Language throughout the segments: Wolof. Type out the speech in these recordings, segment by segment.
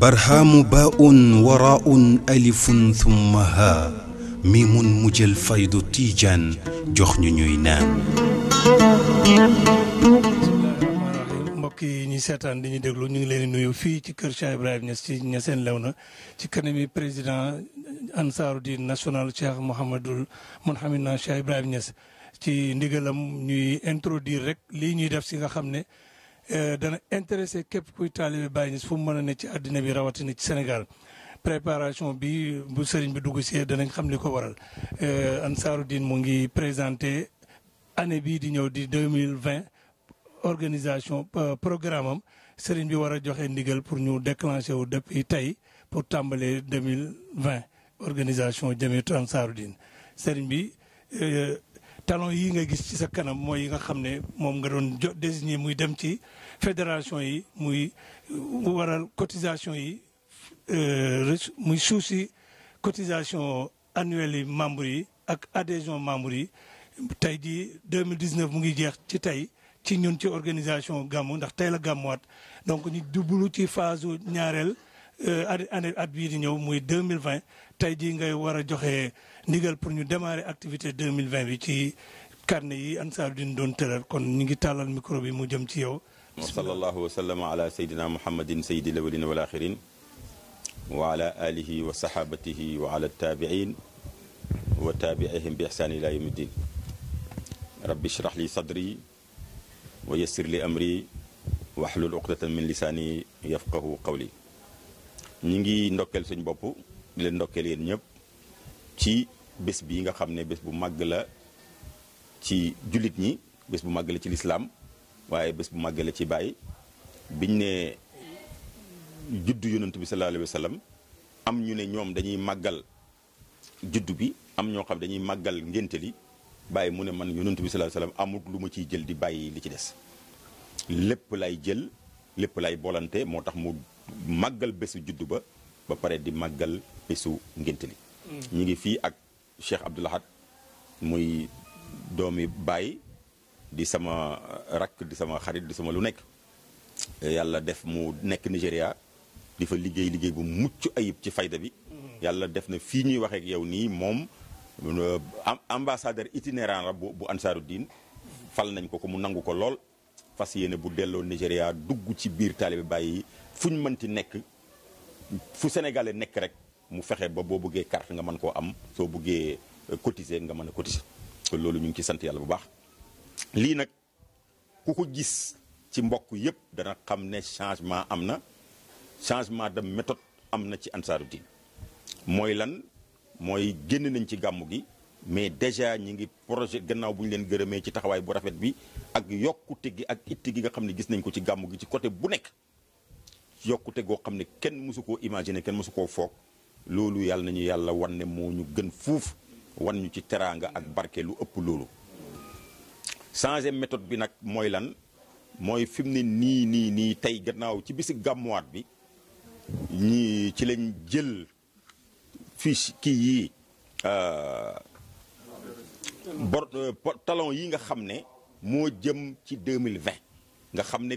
barhaamu baa'un waraa'un alifun thumma haa miimun mu jël faydu tiijaan jox ñu ñuy naan. mbokk yi ñuy seetaan di ñu déglu ñu ngi leen nuyu fii ci kër Cheikh Ibrahima Niass ci Niassène Léona ci kanami président ansaaru di national Cheikh Mouhamadul Mounhamina Cheikh Ibrahima Niass. ci ndigalam ñuy introduire rek li ñuy def ci nga xam ne euh, dana intéressé képp kuy talibé Baye fu mëna né ci àddina bi ni ci Sénégal préparation bi bu sëriñ bi dugg si danañ xam li ko waral euh Ansaruddin mo ngi présenté année bi di ñëw di 2020 organisation euh, programme am sëriñ bi wara joxé joxe ndigal pour ñu déclencher wu depuis tay pour tambalé 2020 organisation Jamiyatou ansaruddin. Diin sëriñ bi euh, talon yi ngay gis ci sa kanam mooy yi nga xam ne moom nga doon jo désigné muy dem ci fédération yi muy waral cotisation yi euh, muy suuf si cotisation annuelle yi membres yi ak adhésion membres yi tey jii 2019 mu ngi jeex ci tey ci ñun ci organisation gàmmu ndax tey la gàmmuwaat donc ñu dublu ci phase ñaareel euh, année at bii di ñëw muy 2020 tey jii ngay war a joxe ndigal pour ñu démarrer activité 2020 bi ci carnet yi Ansaarud-Din doon tëral kon ñu ngi tàllal micro bi mu jëm ci yow. wa sallallahu wa sallama ala sayyidina muhammadin sayyidil awwalin wal akhirin wa ala alihi wa sahabatihi wa ala tabi'in wa tabi'ihim bi ihsan ila yawmiddin rabbi ishrah li sadri wa yassir li amri wahlul uqdatan min lisani yafqahu qawli ñi ngi ndokkeel suñ bopp di leen ndokkeel yéen ñëpp ci bés bi nga xam ne bés bu màgg la ci jullit ñi bés bu màgg la ci lislaam waaye bés bu màgg la ci Baay biñ ne juddu yonent bi sallallahu alayhi wa am ñu ne ñoom dañuy màggal juddu bi am ñoo xam dañuy màggal ngénte li Baay mu ne man yonent bi sallallahu alayhi wa amut lu ma ciy jël di bàyyi li ci des lépp lay jël lépp lay boolante moo tax mu màggal bésu juddu ba ba pare di màggal bésu ngénte li mm. ñu ngi fii ak Cheikh Abdoul muy doomi baay di sama rakk di sama xarit di sama lu nekk yàlla def mu nekk Nigéria di fa liggéey liggéey bu mucc ayib ci fayda bi mm. yàlla def na fii ñuy waxeek yow nii moom euh, ambassadeur itinérant la bu ansaaru diin fal nañ ko ko mu nangu ko lool fas yéene bu delloo Nigéria dugg ci biir taalibe bàyyi fu ñu mënti nekk fu sénégalais nekk rek mu fexe ba boo buggee carte nga mën koo am soo buggee euh, cotiser nga mën a cotiser loolu ñu ngi ci sant yàlla bu baax lii nag ku ko gis ci mbokk yëpp dana xam ne changement am na changement de méthode am na ci Ansaarud-Din mooy lan mooy génn nañ ci gàmmu gi mais déjà ñi ngi projet gannaaw bu ñu leen gërëmee ci taxawaay bu rafet bi ak yokkute gi ak itti gi nga xam ne gis nañ ko ci gàmmu gi ci côté bu nekk yokkute goo xam ne kenn mosu koo imaginer kenn mosu koo foog loolu yàlla nañu yàlla wan ne moo ñu gën fuuf wan ñu ci teraanga ak barke lu ëpp loolu changé méthode bi nag mooy lan mooy fi mu ne nii nii nii tey gannaaw ci bisi gàmmuwaat bi ñii ci lañ jël fiche kii yi euh, bor euh, talon yi nga xam ne moo jëm ci 2020 nga xam ne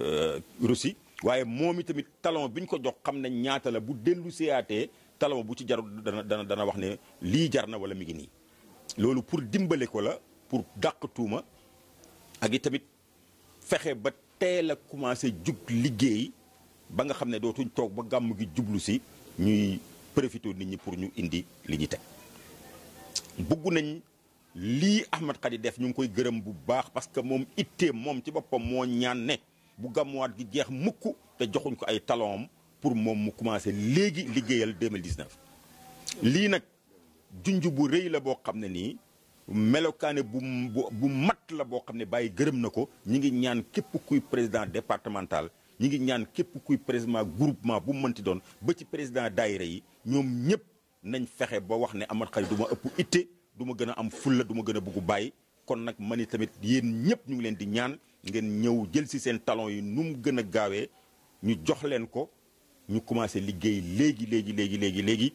Euh, Russie waaye moom itamit talon bi ñu ko jox xam nañ ñaata la bu dellu seeyaatee talon bu ci jarul dana dana dana wax ne lii jar na wala mi ngi nii. loolu pour dimbale ko la pour dàq tuuma ak itamit fexe ba teel a commencé jug liggéey ba nga xam ne dootuñ toog ba gàmm gi jublu si ñuy profité nit ñi pour ñu indi li ñuy teg bugg nañ. lii Ahmed Khady def ñu ngi koy gërëm bu baax parce que moom itteem moom ci boppam moo ñaan ne bu gàmmuwaat gi jeex mukk te joxuñ ko ay talon pour moom mu commencé léegi liggéeyal 2019. lii nag junj bu rëy la boo xam ne nii melokaane bu bu mat la boo xam ne bàyyi gërëm na ko ñi ngi ñaan képp kuy président départemental ñi ngi ñaan képp kuy président groupement bu mënti doon ba ci président daayira yi ñoom ñëpp nañ fexe ba wax ne amat Khary du ma ëpp itte du ma gën a am fulla duma gën a bëgg bàyyi kon nag man i tamit yéen ñëpp ñu ngi leen di ñaan ngeen ñëw jël si seen talon yi nu mu gën a gaawee ñu jox leen ko ñu commencé liggéey léegi léegi léegi léegi léegi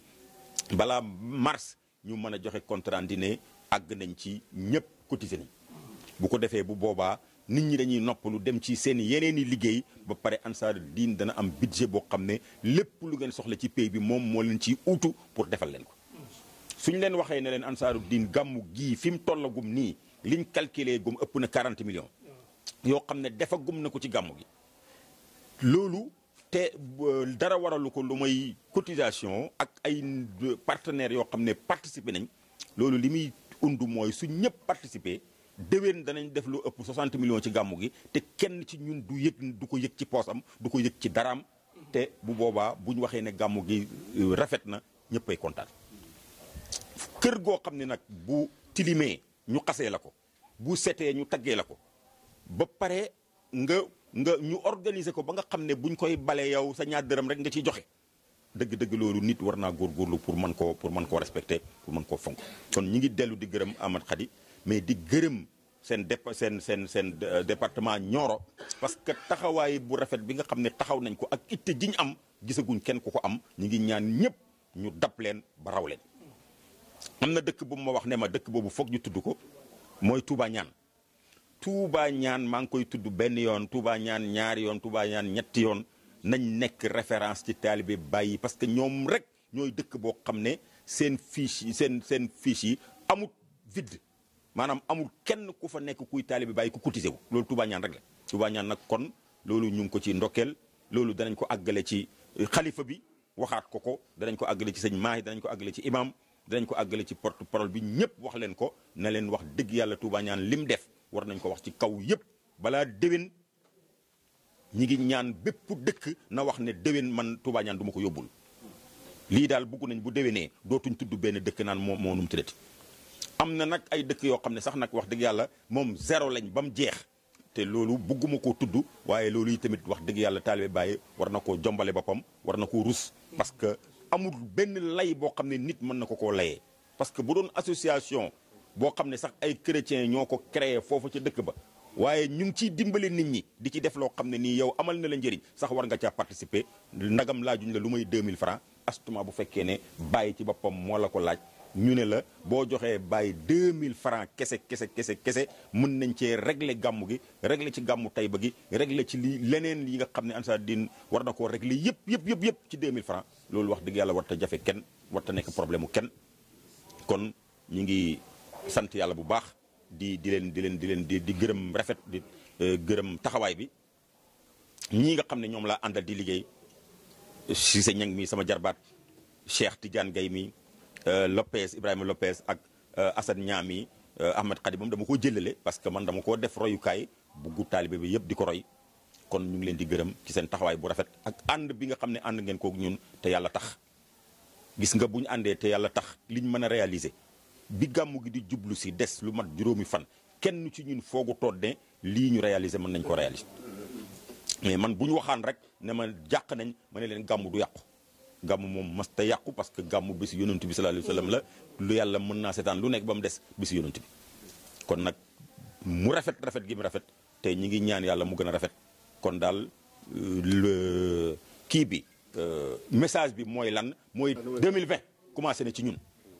balaa mars ñu mën a joxe contrat dine àgg nañ ci ñëpp cotiser nañ bu ko defee bu boobaa nit ñi dañuy noppalu dem ci seen yeneen i liggéey ba pare Ansaaru Diin dana am budget boo xam ne lépp lu ngeen soxla ci pays bi moom moo leen ci uutu pour defal leen ko suñ leen waxee ne leen Ansaaru Diin gàmmu gii fi mu tollagum nii liñ calculé gum ëpp na 40 millions. yoo xam ne defagum na ko ci gàmmu gi loolu te euh, dara waralu ko lu may cotisation ak ay partenaires yoo xam ne participer nañ loolu li muy und mooy su ñëpp participer déwén danañ def lu ëpp 60 millions ci gàmmu gi te kenn ci ñun du yëg du ko yëg ci poosam du ko yëg ci daraam te bu boobaa bu waxee ne gàmmu gi euh, rafet na ñëppay kontaan kër goo xam ne nag bu tilimee ñu xasee la ko bu setee ñu taggee la ko ba pare nga nga ñu organiser ko ba nga xam ne buñ koy bale yow sa ñaar dërëm rek nga ciy joxe dëgg-dëgg loolu nit war naa góorgóorlu pour mën koo pour mën koo respecter pour mën koo fonk kon ñi ngi dellu di gërëm Amad Khady mais di gërëm seen dép seen seen euh, département Nioro parce que taxawaay bu rafet bi nga xam ne taxaw nañ ko ak itte ji ñu am gisaguñ kenn ku ko am ñi ngi ñaan ñëpp ñu dab leen ba raw leen am na dëkk bu ma wax ne ma dëkk boobu foog ñu tudd ko mooy Touba ñaan Touba ñaan maa koy tudd ben yoon Touba ñaan ñaar yoon Touba référence ci talibé parce que ñom rek ñoy dëkk bo xamné sen fiche sen sen fiche yi vide manam amul kenn ku fa nek kuy talibé bàyyi ku cotisé wu loolu Touba ñaan rek la. Touba ñaan nak kon ko ci ko ci bi ko ci Mahi ko ci imam danañ ko aggalé ci porte parole bi ñepp wax len ko na len wax def. war nañ ko wax ci kaw yépp bala dewin ñi ngi ñaan bépp dëkk na wax ne dewin man Touba ñaan duma ko yobul li dal bëggu nañ bu dewiné dootuñ tuddu benn dëkk naan mo mo num tëddati amna nak ay dëkk yo xam sax nak wax dëgg yalla mom zéro lañ bam mu jeex te loolu bugguma koo tuddu waaye loolu yi tamit wax dëgg yalla talibé bàyyi war nako jombalé bopam war nako parce que amul lay bo xam nit mën nako ko layé parce que bu doon association boo xam ne sax ay chrétiens ñoo ko créé foofu ca dëkk ba waaye ñu ngi ciy dimbale nit ñi di ci def loo xam ne nii yow amal na la njariñ sax war nga caa participer ndagam laajuñ la lu may 2000 francs astuma bu fekkee ne bàyyi ci boppam moo la ko laaj ñu ne la boo joxee bàyyi 2000 francs kese kese kese kese mën nañ cee regle gàmmu gi régler ci gàmmu Tayba gi régler ci li leneen yi nga xam ne Ansaar din war na koo régler yëpp yëpp yëpp yëpp ci 2000 francs loolu wax dëgg yàlla warta jafe kenn warta nekk problème mu kenn sant yalla bu baax di di len di len di len di di rafet di eh, gërem taxaway bi ñi nga xamne ñom la andal di liggey ci se ñang mi sama jarbat Cheikh Tidiane gay mi eh, Lopez Ibrahim Lopez ak eh, Nyami Ahmad Ahmed khadim dama ko jëlale parce que man dama ko def kay bu gu talibé bi yépp di ko roy kon ñu ngi leen di gërëm ci seen taxaway bu rafet ak and bi nga xamne and ngeen koog ñun te yalla tax gis nga buñ andé te tax liñ mëna réaliser bi gamu gi di jublu si des lu mat djuroomi fan kenn ci ñun fogu todde li ñu réaliser mën nañ ko réaliser mais man buñ ñu waxaan rek ne ma jàq nañ ma ne leen du yaq gamu mom mas ta yàqu parce que gamu bisu yonnati bi sallallahu alayhi wasallam la lu yalla mën na sétan lu nek bam dess des bisu bi kon nak mu rafet rafet gi mu rafet te ñi ngi ñaan yalla mu gëna rafet kon euh, le ki bi euh, message bi moy lan moy 2020 commencé na ci ñun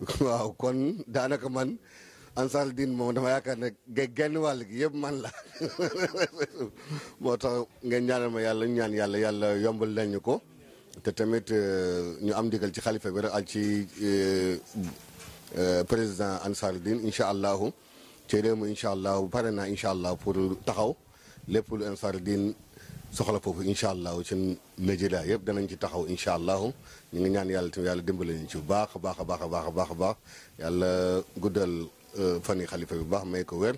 waaw kon daanaka man Ansaarud Din moom dama yaakaar ne genn wàll gi yëpp man la moo tax ngeen ñaanal ma yàlla ñaan yàlla yàlla yombal leen ñu ko te tamit euh, ñu am ndigal ci xalifa bi rek ak ci euh, euh, président Ansaarud Din incha allahu ci réew mi incha allahu pare naa incha allah pour taxaw lépp lu Din soxla foofu incha allahu ci Nigeria yëpp danañ ci taxaw incha allah ñu ngi ñaan yàlla tamit yàlla dimbale ñu ci bu baax a baax baax baax a a baax yàlla guddal euh, fan yi xalifa bi baax may ko wér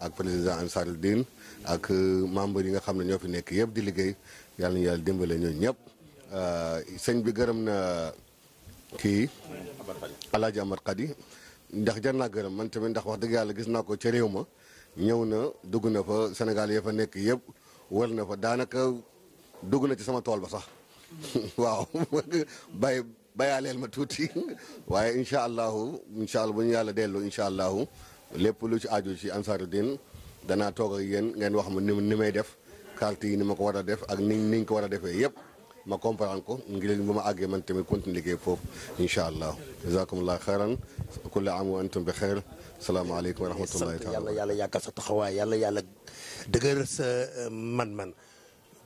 ak président Ansarul Din ak euh, membre yi nga xam ne ñoo fi nekk yëpp di liggéey yàlla ñu yàlla dimbale ñooñu ñëpp euh, sëñ bi gërëm na ki Alaaji Amar Xadi ndax jar naa gërëm man tamit ndax wax dëgg yàlla gis naa ko ca réew ma ñëw na dugg na fa Sénégal ya fa nekk yëpp wër na fa daanaka dugg na ci sama tool ba sax waaw bay bayaaleel ma tuuti waaye incha allahu incha allah bu ñu yàlla delloo incha allahu lépp lu ci aju ci Ansaarud-Din danaa toog ak yéen ngeen wax ma ni ni may def carte yi ni ma ko war a def ak ni niñ ko war a defee yëpp. ma comprendre ko ngir bu ma àggee man tamit continuer liggéey foofu incha allah jazakumullah xayran kulli am wa antum bi xayr salaamaaleykum wa rahmatullahi taala yàlla yàlla yàggal sa taxawaay yàlla yàlla dëgër sa euh, man-man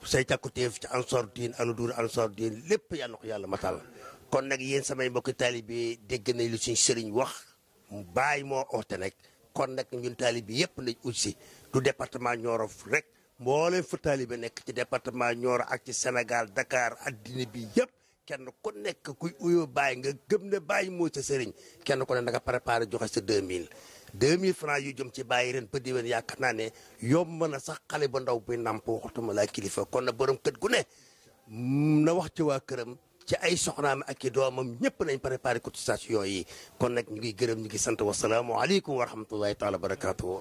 say càkkutéef ci ansor diin aludur ansor diin lépp yàlla na ko yàlla matal kon nag yéen samay mbokki taalibe dégg nañ lu suñ sëriñ wax baay moo oote nag kon nag ñun taalibe yëpp nañ ut si du département Nioro rek mboole fu taalibe nekk ci département Nioro ak ci Sénégal Dakar addina bi yëpp kenn ku nekk kuy uyoo bàyyi nga gëm ne bàyyi moo sa sëriñ kenn ku ne nga préparé joxe sa 2000 2000 francs yu jëm ci bàyyi reen ba di yaakaar naa ne yomb na sax xale bu ndaw buy nàmp waxtuma laa kilifa kon na borom kët gu ne na wax ci waa këram ci ay soxnaam ak i doomam ñëpp nañ préparé cotisation yi kon nag ñu ngi gërëm ñu ngi sant wasalaamualeykum wa rahmatullahi taala wa barakaatu.